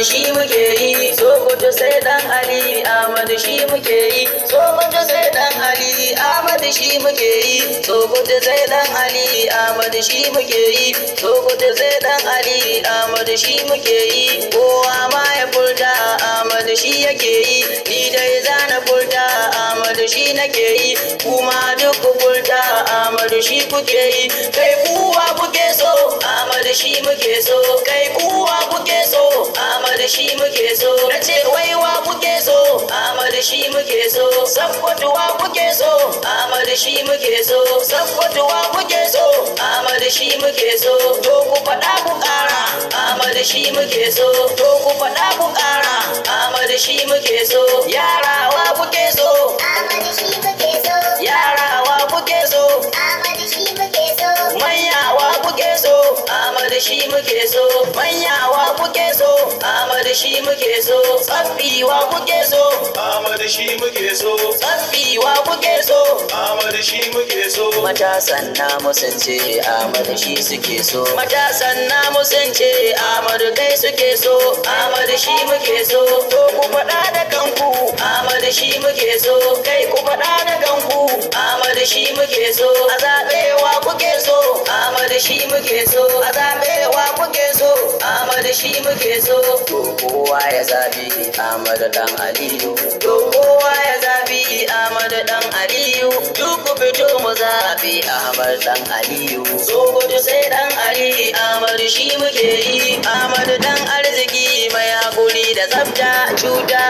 Ahmadu shi muke yi Sokoto sai dan Ali Ahmadu shi muke yi so Sokoto sai dan Ali Ahmadu shi muke yi so Sokoto sai dan Ali Ahmadu shi muke yi so Sokoto sai dan Ali Ahmadu shi muke yi kowa ma ya furta Ahmadu shi yake yi ni dai zana furta Ahmadu shi nake yi kuma duk furta Ahmadu shi kuke yi kai kuwa kuke so so na ce waiwa kuke so amadu shi muke so sabbatuwa kuke so amadu shi muke so sabbatuwa kuke so amadu shi muke so to ku faɗa ku ƙara amadu shi muke so to ku faɗa ku ƙara amadu shi muke so shi muke so manyawa kuke so Ahmad shi muke so tsaffiwa kuke so Ahmad shi muke so tsaffiwa kuke so Ahmad shi muke so matasan namu sun ce Ahmad shi suke so matasan namu sun ce Ahmad kai suke so Ahmad shi muke so to ku faɗa da kanku Ahmad shi muke so kai ku faɗa da kanku Ahmad shi muke so a zaɓewa kuke so Ahmad shi muke so Ahmad shi muke so kowa ya zabi Ahmadu dan Aliyu kowa ya zabi Ahmadu dan Aliyu duk fito mu zabi Ahmadu dan Aliyu so gudu sai dan Ali Ahmadu shi muke yi Ahmadu dan arziki mai hakuri da tsafta cuta